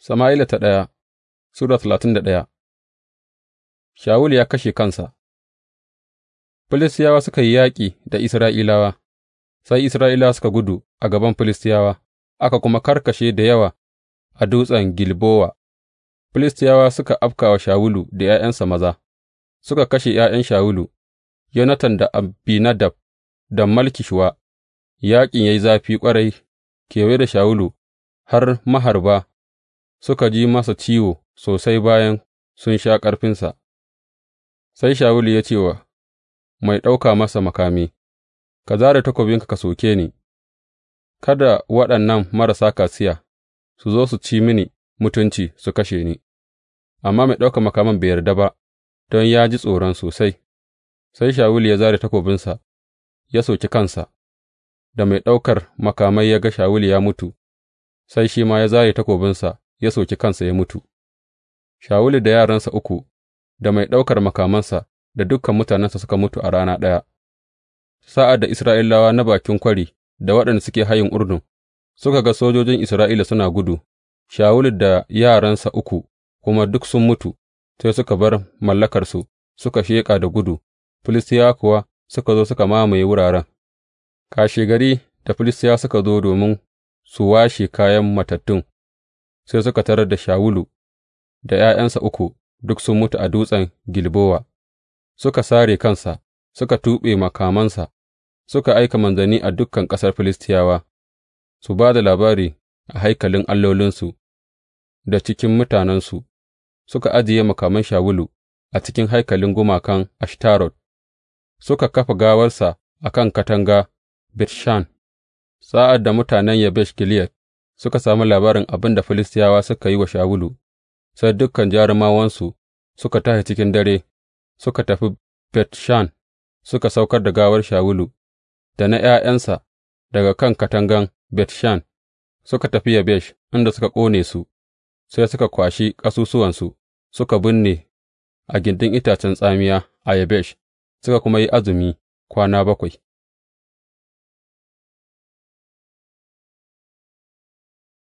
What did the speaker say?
Sama'ila ta ɗaya Sura talatin da ɗaya Shawulu ya kashe kansa Filistiyawa suka yi yaƙi da Isra'ilawa, sai Isra'ilawa suka gudu a gaban Filistiyawa, aka kuma karkashe da yawa a dutsen Gilbowa. Filistiyawa suka afka wa Shawulu da ’ya'yansa maza, suka kashe ’ya'yan Shawulu, Yonatan da Abinadab da Malkishuwa, yaƙin ya yi zafi ƙwarai kewaye da Shawulu har maharba Suka ji masa ciwo sosai bayan sun sha ƙarfinsa, sai Shawulu ya ce wa mai ɗauka masa makami, Ka zare takobinka ka soke ni, kada waɗannan marasa kaciya su zo su ci mini mutunci su kashe ni, amma mai ɗauka makaman bai yarda ba, don ya ji tsoron sosai, sai Shawulu ya zare takobinsa ya soki kansa, da mai ɗaukar makamai ya ga Shawulu ya mutu, sai shi ma ya zare takobinsa ya soki kansa ya mutu, Shawulu da yaransa uku, da mai ɗaukar makamansa, da dukan mutanensa suka mutu a rana ɗaya, sa'ad da Isra'ilawa na bakin kwari da waɗanda suke hayin Urdun suka ga sojojin Isra'ila suna gudu, Shawulu da yaransa uku kuma duk sun mutu, sai suka bar mallakarsu suka sheƙa da gudu, Filistiyawa kuwa suka zo suka mamaye wuraren. Kashegari da Filistiyawa suka zo domin su washe kayan matattun. sai suka tarar da Shawulu da ’ya'yansa uku duk sun mutu a dutsen Gilbowa, suka sare kansa, suka tuɓe makamansa, suka aika manzanni a dukan ƙasar Filistiyawa, su ba da labari a haikalin allolinsu da cikin mutanensu, suka ajiye makaman Shawulu a cikin haikalin gumakan Ashtarot, suka kafa gawarsa a kan katanga Bet Shan, sa'ad da mutanen Yabesh Gileyad suka sami labarin abin da Filistiyawa suka yi wa Shawulu, sai dukan jarumawansu suka tashi cikin dare, suka tafi Bet Shan, suka saukar da gawar Shawulu da na ’ya'yansa daga kan katangan Bet Shan, suka tafi Yabesh inda suka ƙone su, sai suka kwashi ƙasusuwansu suka binne a gindin itacen tsamiya a Yabesh, suka kuma yi azumi kwana bakwai.